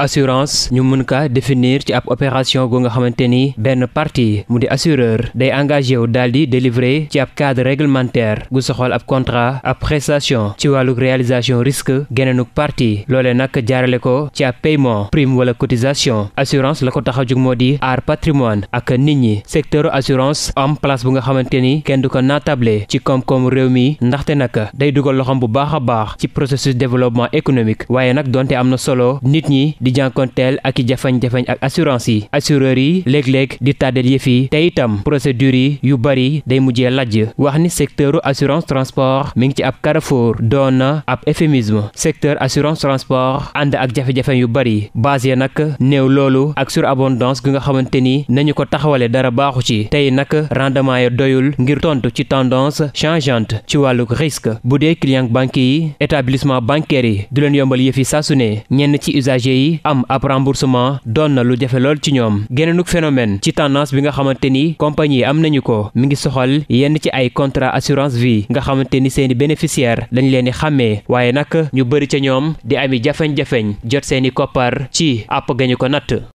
assurance ñu mën kaa définir ci ab opération gu nga xamante ni benn partie mu di assureur day engagé wu daal di délivrer ci ab cadre réglementaire gu soxal ab contrat ab prestation ci wàlluk réalisation risque geneenuk parti loole nag jaarale ko ci ab paiement prime wala cotisation assurance la ko tax a jug moo di aar patrimoine ak nit ñi secteur assurance am place bu nga xamante ni kenn du ko naatable ci koom-koomu réew mi ndaxte nag day dugal loxam bu baax a baax ci processus développement économique waaye nag donte am na solo nit ñi di jànkonteel ak i jafañ-jafañ ak assurance yi assureurs yi léeg-léeg di tàddeel yëf tey itam procédures yi yu bari day mujjee lajj wax ni secteuru assurance transport mi ngi ci ab carrefour doon na ab euphémisme secteur assurance transport ànd ak jafe-jafe yu bari basé nag néew loolu ak surabondance gi nga xamante ni nañu ko taxawale dara baaxu ci tey nag rendement ya doyul ngir tontu ci tendance changeante ci wàllu risque bu dee client banque yi établissement bancaire yi du yi am ab remboursement doon na lu jafe lool ci ñoom géneenuk phénomène ci tendance bi nga xamante ni compagnie yi am nañu ko mi ngi soxal yenn ci ay contrat assurance vie nga xamante ni seeni bénéficiaire dañ leen di xàmmee waaye nag ñu bëri ca ñoom di ami jafeñ-jafeñ jot seeni koppar ci àpp gañu ko natt